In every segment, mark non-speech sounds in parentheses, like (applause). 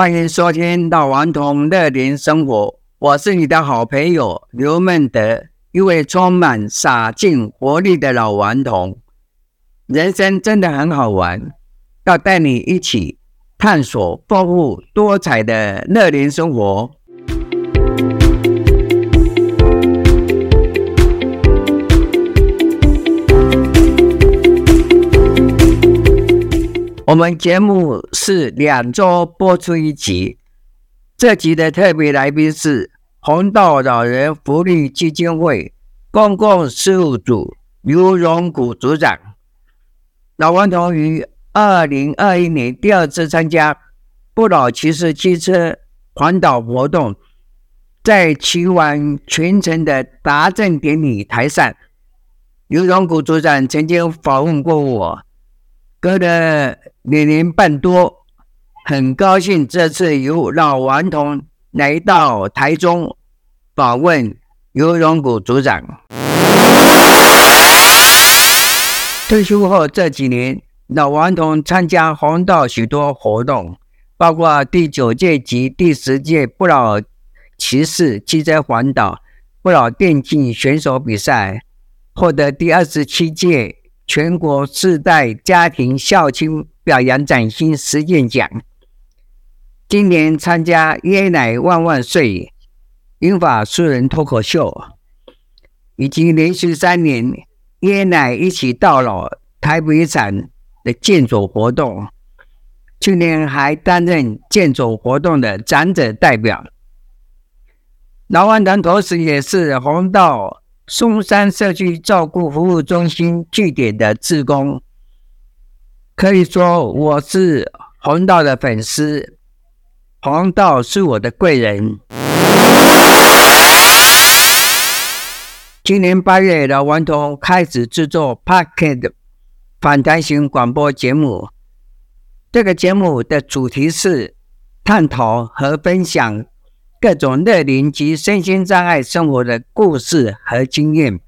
歡迎收聽《老頑童樂齡生活》，我是你的好朋友劉孟德，一位充滿傻勁活力的老頑童。人生真的很好玩，要帶你一起探索豐富多彩的樂齡生活。我們節目是兩週播出一集，這集的特別來賓是弘道老人福利基金會公共事務組劉榮古組長。老頑童於二零二一年第二次參加不老騎士機車環島活動，在騎完全程的達陣典禮台上，劉榮古組長曾經訪問過我，哥的。兩年，年半多，很高興這次由老頑童來到台中訪問游泳股組長。 (noise) 退休後這幾年，老頑童參加弘道許多活動，包括第九屆及第十屆不老騎士汽車環島、不老電競選手比賽，獲得第二十七屆全國世代家庭孝親。表揚嶄新實踐獎，今年參加爺奶萬萬說銀髮素人脫口秀，已經連續三年爺奶一起到老台北場的健走活動，去年還擔任健走活動的長者代表。老安團同時也是弘道松山社區照顧服務中心據點的志工。可以說我是弘道的粉絲，弘道是我的貴人。今年八月，老頑童開始制作 Podcast 訪談型廣播節目。這個節目的主題是探討和分享各種樂齡及身心障礙生活的故事和經驗。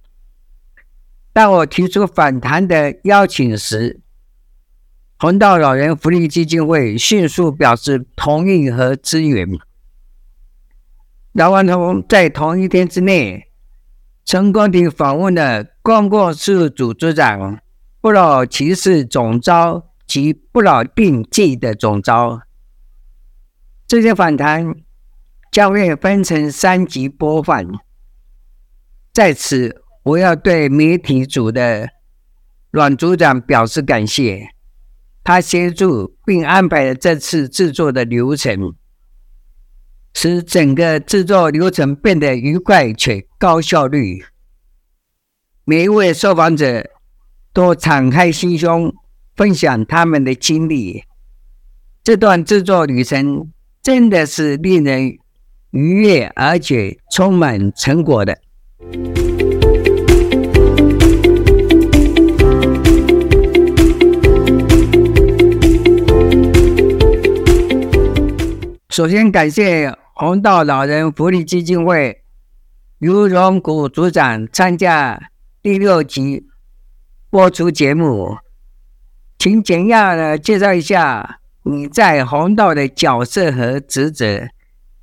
當我提出訪談的邀請時，弘道老人福利基金會迅速表示同意和支援。老頑童在同一天之內，成功地訪問了公共事務組組長、不老騎士總召及不老病技的總召。這些訪談將會分成三級播放。在此，我要對媒體組的阮組長表示感謝。他協助並安排了這次製作的流程，使整個製作流程變得愉快且高效率。每一位受訪者都敞開心胸，分享他們的經歷。這段製作旅程真的是令人愉悅而且充滿成果的。首先，感謝弘道老人福利基金會劉榮古組長參加第六集播出節目，請簡要的介紹一下你在弘道的角色和職責，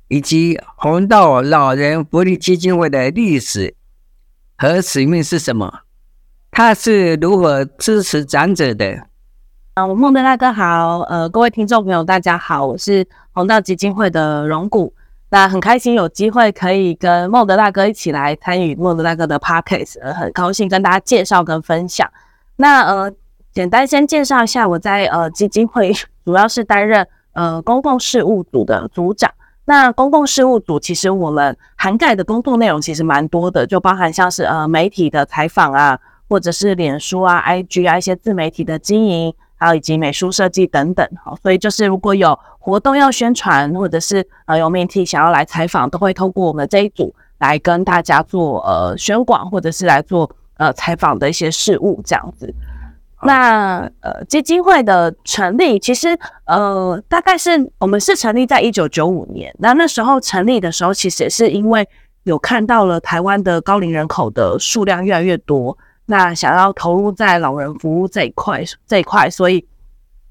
以及弘道老人福利基金會的歷史和使命是什麼？它是如何支持長者的？啊、我孟德大哥好，呃，各位聽眾朋友，大家好，我是弘道基金會的榮谷，那很開心有機會可以跟孟德大哥一起來參與孟德大哥的 podcast，呃，很高興跟大家介紹跟分享。那呃，簡單先介紹一下，我在呃基金會主要是擔任呃公共事務組的組長。那公共事務組其實我們涵蓋的工作內容其實蠻多的，就包含像是呃媒體的採訪啊，或者是臉書啊、IG 啊一些自媒體的經營。還有以及美術設計等等，好，所以就是如果有活動要宣傳，或者是呃有媒體想要來採訪，都會透過我們這一組來跟大家做呃宣廣，或者是來做呃採訪的一些事務這樣子。那呃基金會的成立，其實呃大概是我們是成立在一九九五年，那那時候成立的時候，其實也是因為有看到了台灣的高齡人口的數量越來越多。那想要投入在老人服務這一塊，這一塊，所以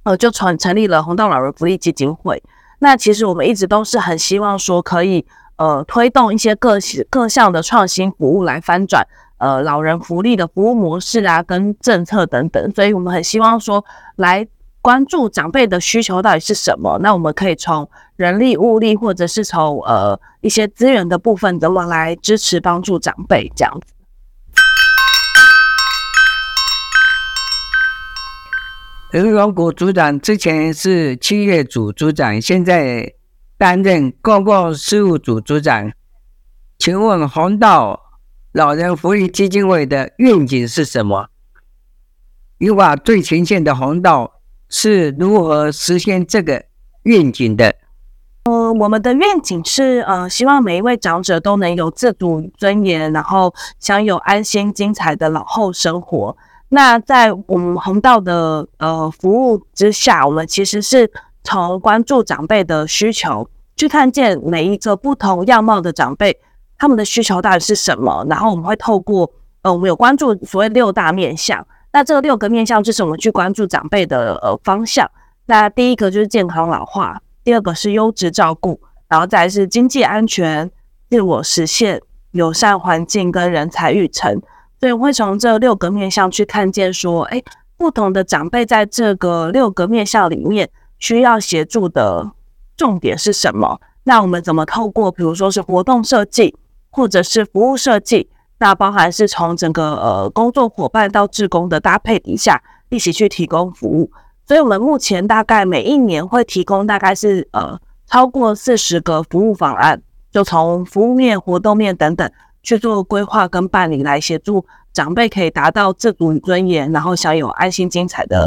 呃就成成立了弘道老人福利基金會。那其實我們一直都是很希望說，可以呃推動一些各各項的創新服務來翻轉呃老人福利的服務模式啊，跟政策等等。所以我們很希望說，來關注長輩的需求到底是什麼，那我們可以從人力物力，或者是從呃一些資源的部分，怎麼來支持幫助長輩這樣子。人員股組長，之前是七月組組長，現在擔任公共，共事務組組長。請問弘道老人福利基金會的願景是什麼？以往最前線的弘道是如何實現這個願景的？呃，我們的願景是呃，希望每一位長者都能有自主尊嚴，然後享有安心、精彩的老後生活。那在我們弘道的呃服務之下，我們其實是從關注長輩的需求，去看見每一個不同樣貌的長輩，他們的需求到底是什麼。然後我們會透過呃，我們有關注所謂六大面向。那這六個面向就是我們去關注長輩的呃方向。那第一個就是健康老化，第二個是優質照顧，然後再來是經濟安全、自我實現、友善環境跟人才育成。所對，我會從這六個面向去看見說，誒不同的長輩在這個六個面向裡面需要協助的重點是什麼？那我們怎麼透過，比如說是活動設計，或者是服務設計，那包含是從整個呃工作伙伴到志工的搭配底下，一起去提供服務。所以，我們目前大概每一年會提供大概是呃超過四十個服務方案，就從服務面、活動面等等。去做規劃跟辦理，來協助長輩可以達到自主尊嚴，然後享有安心精彩的。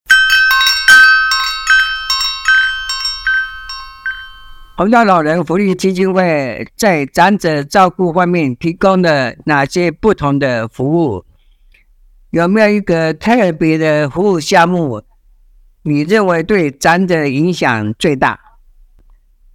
弘道老人福利基金會在長者照顧方面提供了哪些不同的服務？有沒有一個特別的服務項目，你認為對長者影響最大？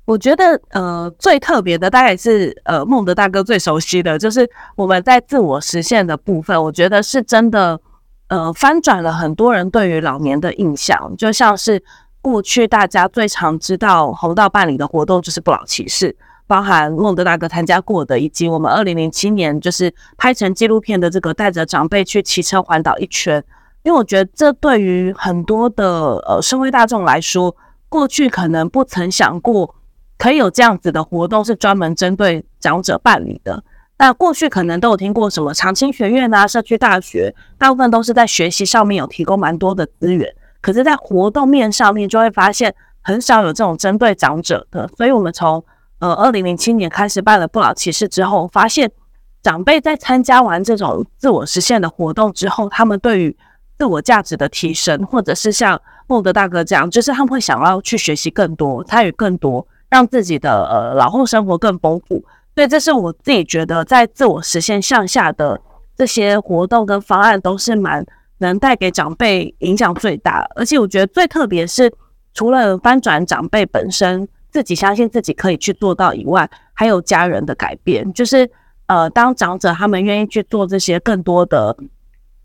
我覺得呃最特別的，大概是呃孟德大哥最熟悉的就是我們在自我實現的部分，我覺得是真的呃翻轉了很多人對於老年的印象。就像是過去大家最常知道弘道辦理的活動就是不老騎士，包含孟德大哥參加過的，以及我們二零零七年就是拍成紀錄片的這個帶着長輩去騎車環島一圈。因為我覺得這對於很多的呃社會大眾來說，過去可能不曾想過。可以有這樣子的活動，是專門針對長者辦理的。那過去可能都有聽過什麼長青學院啊、社區大學，大部分都是在學習上面有提供蠻多的資源，可是，在活動面上面就會發現很少有這種針對長者的。所以，我們從呃二零零七年開始辦了不老騎士之後，發現長輩在參加完這種自我實現的活動之後，他們對於自我價值的提升，或者是像莫德大哥這樣，就是他們會想要去學習更多、參與更多。讓自己的呃老後生活更豐富，所以這是我自己覺得在自我實現向下的這些活動跟方案都是蠻能帶給長輩影響最大，而且我覺得最特別是除了翻轉長輩本身自己相信自己可以去做到以外，還有家人的改變，就是呃當長者他們願意去做這些更多的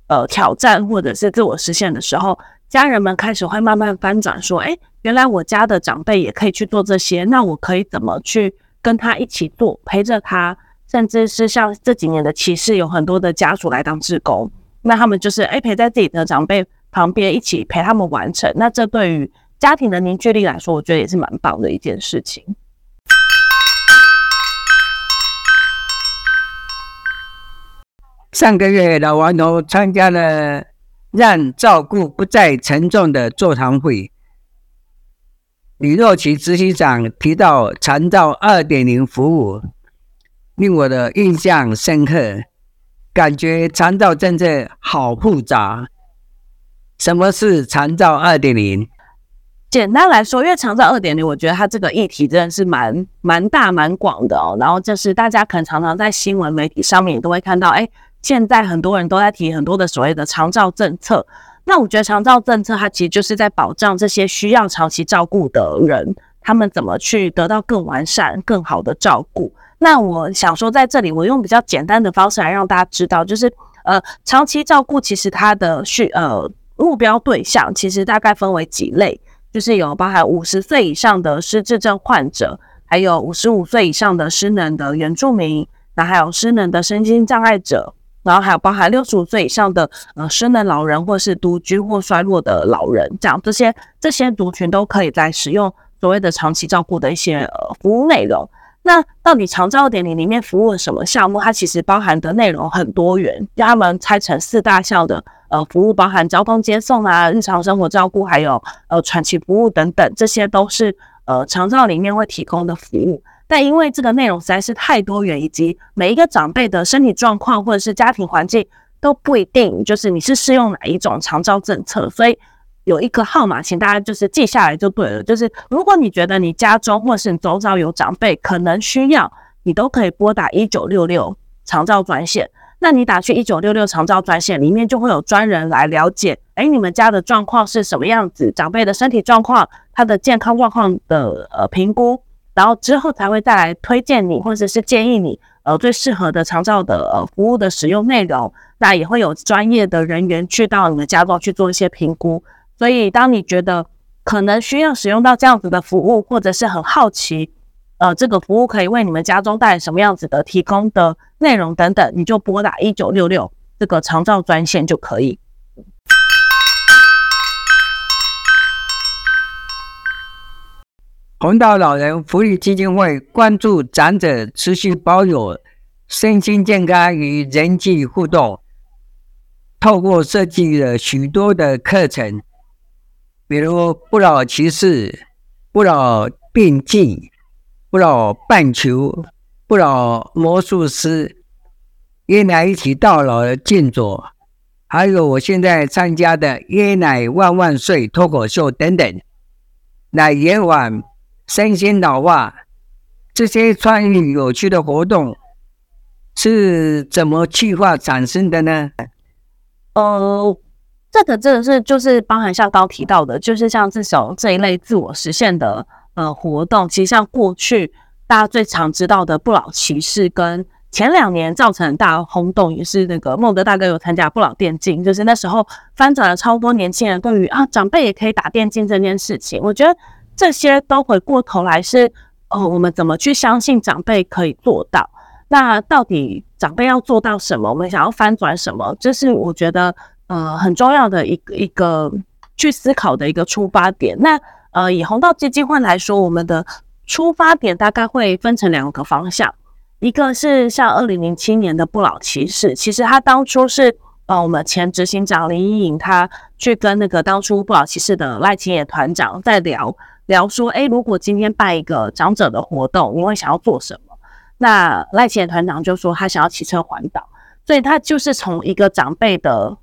呃挑戰或者是自我實現的時候，家人們開始會慢慢翻轉說，哎原來我家的長輩也可以去做這些，那我可以怎麼去跟他一起做，陪着他，甚至是像這幾年的騎士有很多的家屬來當志工，那他們就是哎，陪在自己的長輩旁邊一起陪他們完成。那這對於家庭的凝聚力來說，我覺得也是蠻棒的一件事情。上個月老王都參加了“讓照顧不再沉重”的座談會。李若琪執行長提到“長照二點零”服務，令我的印象深刻，感覺長照政策好複雜。什麼是“長照二點零”？簡單來說，因為“長照二點零”，我覺得它這個議題真的是蠻蠻大、蠻廣的哦。然後就是大家可能常常在新聞媒體上面都會看到，哎、欸，現在很多人都在提很多的所謂的長照政策。那我覺得長照政策它其實就是在保障這些需要長期照顧的人，他們怎麼去得到更完善、更好的照顧。那我想說在這裡，我用比較簡單的方式來讓大家知道，就是呃，長期照顧其實它的去呃目標對象其實大概分為幾類，就是有包含五十歲以上的失智症患者，還有五十五歲以上的失能的原住民，那還有失能的身心障礙者。然後還有包含六十五歲以上的呃失能老人，或是獨居或衰弱的老人，這樣這些這些族群都可以在使用所謂的長期照顧的一些呃服務內容。那到底長照點裡裡面服務什麼項目？它其實包含的內容很多元，他們拆成四大項的呃服務，包含交通接送啊、日常生活照顧，還有呃喘息服務等等，這些都是呃長照裡面會提供的服務。但因為這個內容實在是太多元，以及每一個長輩的身體狀況或者是家庭環境都不一定，就是你是適用哪一種長照政策。所以有一個號碼，請大家就是記下來就對了。就是如果你覺得你家中或是你周遭有長輩可能需要，你都可以撥打一九六六長照專線。那你打去一九六六長照專線，裡面就會有專人來了解，哎、欸，你們家的狀況是什麼樣子，長輩的身體狀況，他的健康狀況的呃評估。然後之後才會再來推薦你，或者是建議你，呃，最適合的長照的呃服務的使用內容。那也會有專業的人員去到你的家中去做一些評估。所以，當你覺得可能需要使用到這樣子的服務，或者是很好奇，呃，這個服務可以為你們家中帶來什麼樣子的提供的內容等等，你就撥打一九六六這個長照專線就可以。紅道老人福利基金會關注長者持續保有身心健康與人際互動，透過設計了許多的課程，比如不老騎士、不老病鏡、不老棒球、不老魔術師、爺奶一起到老的講座，還有我現在參加的爺奶萬萬說脫口秀等等，奶爺晚身心老化，這些創意有趣的活動是怎麼企劃產生的呢？呃，這個真的是就是包含像剛提到的，就是像這首這一類自我實現的呃活動。其實像過去大家最常知道的不老騎士，跟前兩年造成的大轟動，也是那個孟德大哥有參加不老電競，就是那時候翻轉了超多年輕人對於啊長輩也可以打電競這件事情，我覺得。這些都回過頭來是，呃，我們怎麼去相信長輩可以做到？那到底長輩要做到什麼？我們想要翻轉什麼？這，就是我覺得，呃，很重要的一個一個去思考的一個出發點。那呃，以弘道基金會來說，我們的出發點大概會分成兩個方向，一個是像二零零七年的不老騎士，其實他當初是呃，我們前執行長林依瑩，他去跟那個當初不老騎士的賴清也團長在聊。聊說，誒、欸、如果今天辦一個長者的活動，你會想要做什麼？那賴前團長就說他想要騎車環島，所以他就是從一個長輩的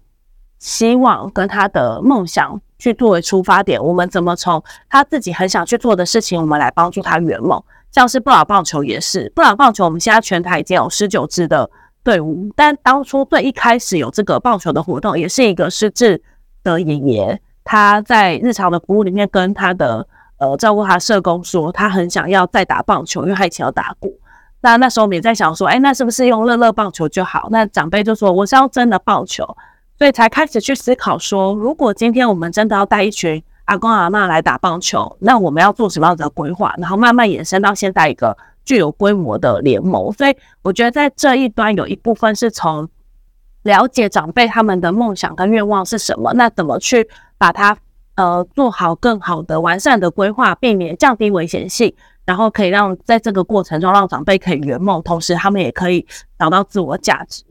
希望跟他的夢想去作為出發點。我們怎麼從他自己很想去做的事情，我們來幫助他圓夢？像是不老棒球也是，不老棒球我們現在全台已經有十九支的隊伍，但當初最一開始有這個棒球的活動，也是一個失智的爺爺，他在日常的服務裡面跟他的。呃，照顧他，社工說他很想要再打棒球，因為他以前有打鼓。那那時候我們也在想說，哎、欸，那是不是用樂樂棒球就好？那長輩就說我是要真的棒球，所以才開始去思考說，如果今天我們真的要帶一群阿公阿嬤來打棒球，那我們要做什麼樣的規劃？然後慢慢延伸到現在一個具有規模的聯盟。所以我覺得在這一端有一部分是從了解長輩他們的夢想跟願望是什麼，那怎麼去把它。呃，做好更好的、完善的規劃，避免降低危險性，然後可以讓在這個過程中，讓長輩可以圓夢，同時他們也可以找到自我價值。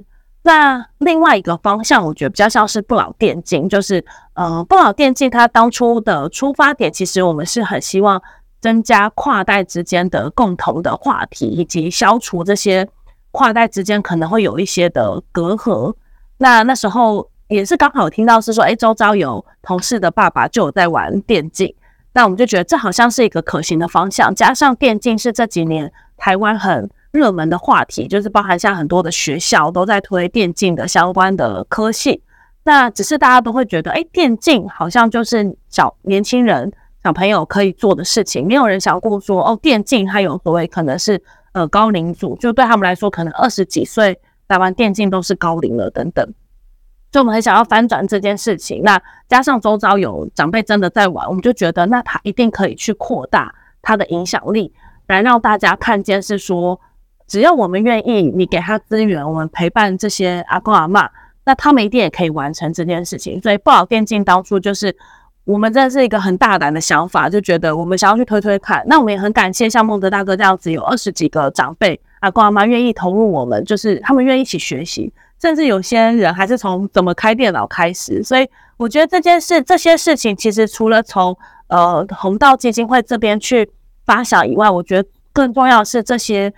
那另外一個方向，我覺得比較像是不老電競，就是呃，不老電競它當初的出發點，其實我們是很希望增加跨代之間的共同的話題，以及消除這些跨代之間可能會有一些的隔閡。那那時候。也是剛好聽到是說，誒，周遭有同事的爸爸就有在玩電競，那我們就覺得這好像是一個可行的方向。加上電競是這幾年台灣很熱門的話題，就是包含像很多的學校都在推電競的相關的科系。那只是大家都會覺得，哎，電競好像就是小年輕人、小朋友可以做的事情，沒有人想過說，哦，電競還有所謂可能是呃高齡組，就對他們來說可能二十幾歲打完電競都是高齡了等等。就我們很想要翻轉這件事情，那加上周遭有長輩真的在玩，我們就覺得那他一定可以去擴大他的影響力，來讓大家看見是說，只要我們願意，你給他資源，我們陪伴這些阿公阿媽，那他們一定也可以完成這件事情。所以暴龍電競當初就是我們真的是一個很大膽的想法，就覺得我們想要去推推看。那我們也很感謝像孟德大哥這樣子，有二十幾個長輩阿公阿媽願意投入我們，就是他們願意一起學習。甚至有些人還是從怎麼開電腦開始，所以我覺得這件事、這些事情，其實除了從呃弘道基金會這邊去發小以外，我覺得更重要的是這些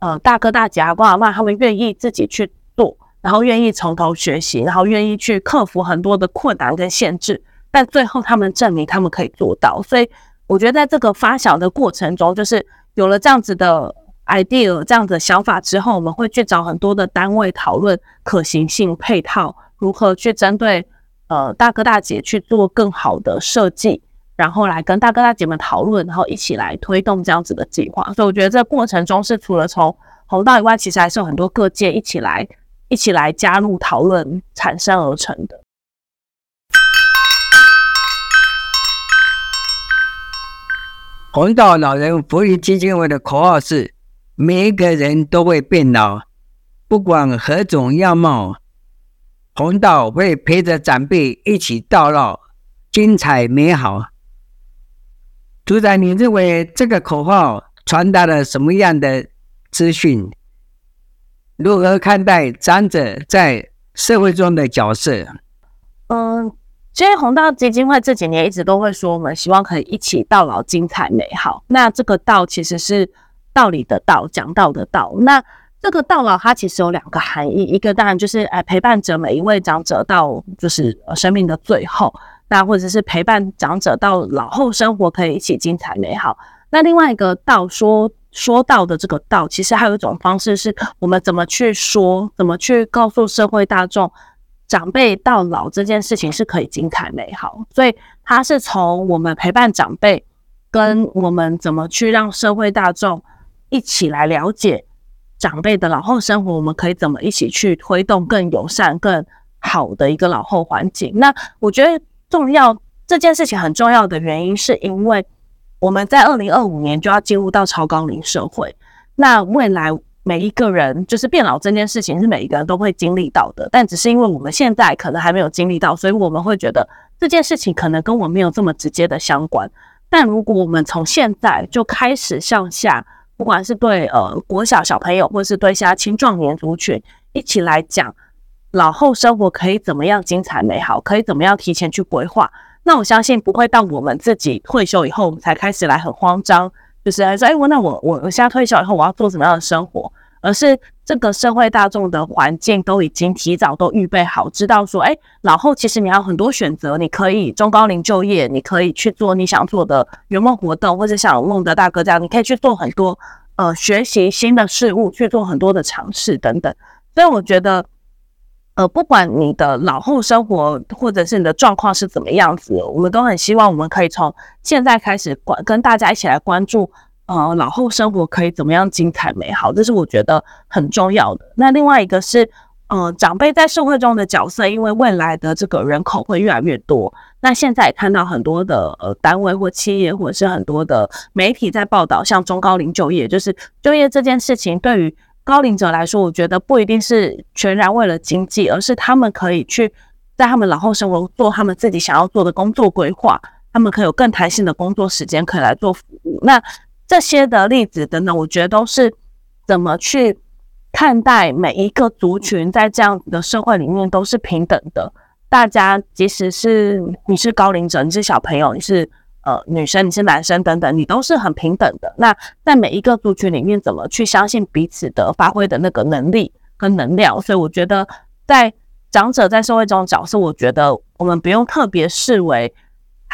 呃大哥大姐啊、爸爸媽媽他們願意自己去做，然後願意從頭學習，然後願意去克服很多的困難跟限制，但最後他們證明他們可以做到，所以我覺得在這個發小的過程中，就是有了這樣子的。idea 這樣的想法之後，我們會去找很多的單位討論可行性、配套，如何去針對呃大哥大姐去做更好的設計，然後來跟大哥大姐們討論，然後一起來推動這樣子的計劃。所以我覺得這過程中是除了從弘道以外，其實還是有很多各界一起來、一起來加入討論產生而成的。弘道老人福利基金會的口號是。每一個人都會變老，不管何種樣貌，弘道會陪着長輩一起到老，精彩美好。組長，你認為這個口號傳達了什麼樣的資訊？如何看待長者在社會中的角色？嗯，其實弘道基金會這幾年一直都會說，我們希望可以一起到老，精彩美好。那這個“道”其實是。道理的道，講道的道，那這個到老，它其實有兩個含義，一個當然就是哎陪伴着每一位長者到就是生命的最後，那或者是陪伴長者到老後生活可以一起精彩美好。那另外一個道說說道的這個道，其實還有一種方式是我們怎麼去說，怎麼去告訴社會大眾，長輩到老這件事情是可以精彩美好，所以它是從我們陪伴長輩，跟我們怎麼去讓社會大眾，一起來了解長輩的老後生活，我們可以怎麼一起去推動更友善、更好的一個老後環境？那我覺得重要這件事情很重要的原因，是因為我們在二零二五年就要進入到超高齡社會。那未來每一個人就是變老這件事情，是每一個人都會經歷到的。但只是因為我們現在可能還沒有經歷到，所以我們會覺得這件事情可能跟我沒有這麼直接的相關。但如果我們從現在就開始向下，不管是對呃國小小朋友，或者是對一些青壯年族群，一起來講，老後生活可以怎麼樣精彩美好，可以怎麼樣提前去規劃。那我相信不會到我們自己退休以後才開始來很慌張，就是來說哎，我、欸、那我我我現在退休以後我要做什麼樣的生活？而是這個社會大眾的環境都已經提早都預備好，知道說，哎，老後其實你還有很多選擇，你可以中高齡就業，你可以去做你想做的圓夢活動，或者像孟德大哥這樣，你可以去做很多，呃，學習新的事物，去做很多的嘗試等等。所以我覺得，呃，不管你的老後生活或者是你的狀況是怎麼樣子，我們都很希望我們可以從現在開始關跟大家一起來關注。呃，老後生活可以怎麼樣精彩美好？這是我覺得很重要的。那另外一個是，呃，長輩在社會中的角色，因為未來的這個人口會越來越多。那現在也看到很多的，呃，單位或企業，或者是很多的媒體在報道，像中高齡就業，就是就業這件事情對於高齡者來說，我覺得不一定是全然為了經濟，而是他們可以去在他們老後生活做他們自己想要做的工作規劃，他們可以有更彈性的工作時間，可以來做服務。那這些的例子等等，我覺得都是怎麼去看待每一個族群在這樣的社會裡面都是平等的。大家，即使是你是高齡者，你是小朋友，你是呃女生，你是男生等等，你都是很平等的。那在每一個族群裡面，怎麼去相信彼此的發揮的那個能力跟能量？所以我覺得，在長者在社會中的角色，我覺得我們不用特別視為。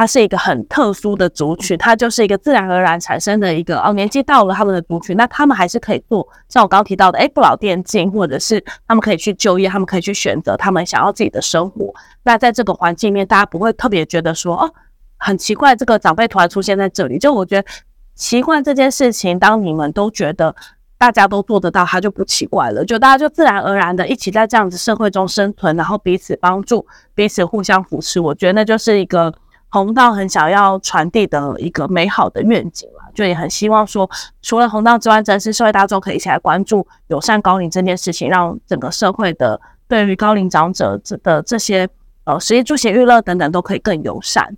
它是一個很特殊的族群，它就是一個自然而然產生的一個哦，年紀到了他們的族群，那他們還是可以做，像我剛提到的，誒，不老電競，或者是他們可以去就業，他們可以去選擇他們想要自己的生活。那在這個環境裡面，大家不會特別覺得說哦，很奇怪，這個長輩突然出現在這裡。就我覺得奇怪這件事情，當你們都覺得大家都做得到，它就不奇怪了。就大家就自然而然的一起在這樣子社會中生存，然後彼此幫助，彼此互相扶持。我覺得那就是一個。弘道很想要傳遞的一個美好的願景嘛，就也很希望說，除了弘道之外，真是社會大眾可以一起來關注友善高齡這件事情，讓整個社會的對於高齡長者這的這些呃食衣住行娛樂等等都可以更友善。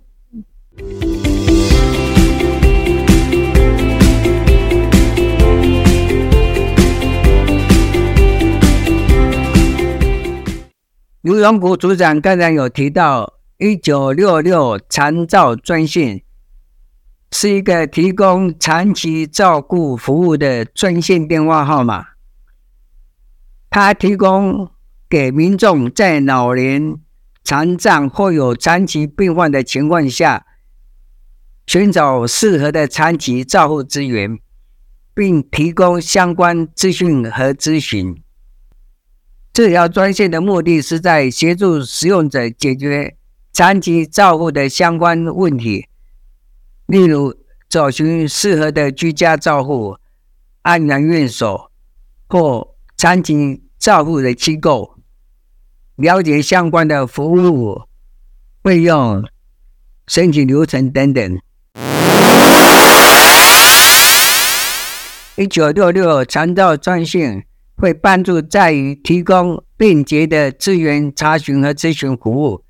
劉永古組長剛才有提到，一九六六長照專線是一個提供長期照顧服務的專線電話號碼。它提供給民眾在老年、殘障或有長期病患的情況下，尋找適合的長期照護資源，並提供相關資訊和諮詢。這條專線的目的是在協助使用者解決。長期照護的相關問題，例如找尋適合的居家照護、安養院所或長期照護的機構，了解相關的服務費用、申請流程等等。一九六六長照專線會幫助在於提供便捷的資源查詢和諮詢服務。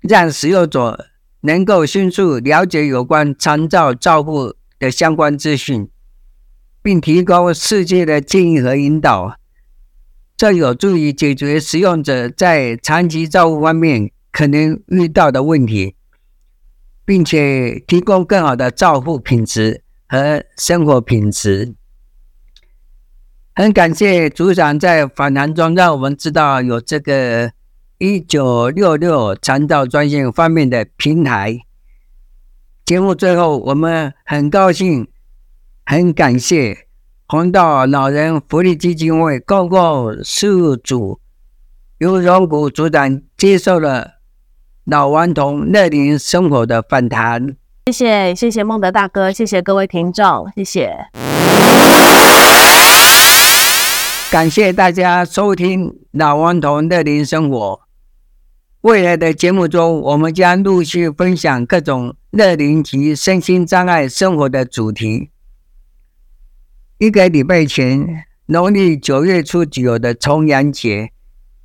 讓使用者能夠迅速了解有關長照照護的相關資訊，並提供適切的建議和引導。這有助於解決使用者在長期照護方面可能遇到的問題，並且提供更好的照護品質和生活品質。很感謝組長在訪談中讓我們知道有這個。一九六六長照專線方面的平台。節目最後，我們很高興，很感謝弘道老人福利基金會各個事務組由榮國組長接受了老頑童樂齡生活的訪談。謝謝，謝謝孟德大哥，謝謝各位聽眾，謝謝，感謝大家收聽老頑童樂齡生活。未來的節目中，我們將陸續分享各種樂齡及身心障礙生活的主題。一個禮拜前，農曆九月初九的重陽節，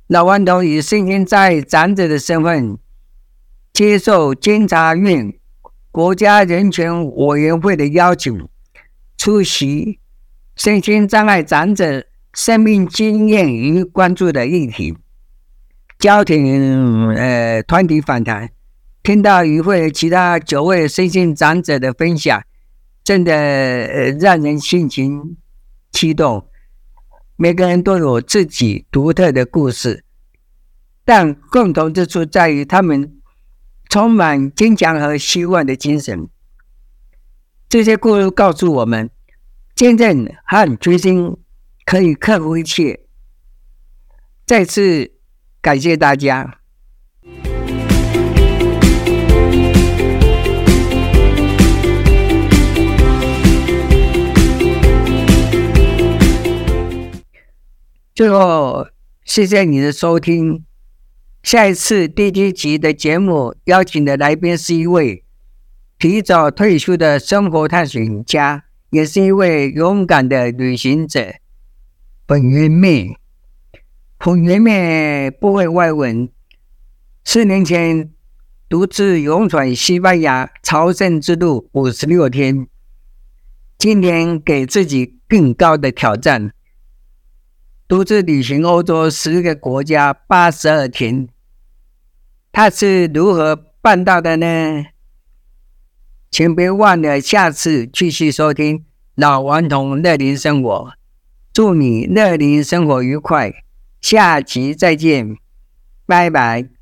老頑童以身心障礙長者的身份，接受監察院國家人權委員會的邀請，出席身心障礙長者生命經驗與關注的議題。家庭、呃，團體訪談，聽到與會其他九位身心長者的分享，真的、呃、讓人心情激動。每個人都有自己獨特的故事，但共同之處在於他們充滿堅強和希望的精神。這些故事告訴我們，堅韌和決心可以克服一切，再次。感謝大家。最後，謝謝你的收聽。下一次第七集的節目邀請的來賓是一位提早退休的生活探險家，也是一位勇敢的旅行者——本月妹。我原本不會外文，四年前獨自勇闖西班牙朝聖之路五十六天。今天給自己更高的挑戰，獨自旅行歐洲十個國家八十二天。他是如何辦到的呢？請別忘了下次繼續收聽《老頑童樂齡生活》，祝你樂齡生活愉快！下期再見，拜拜。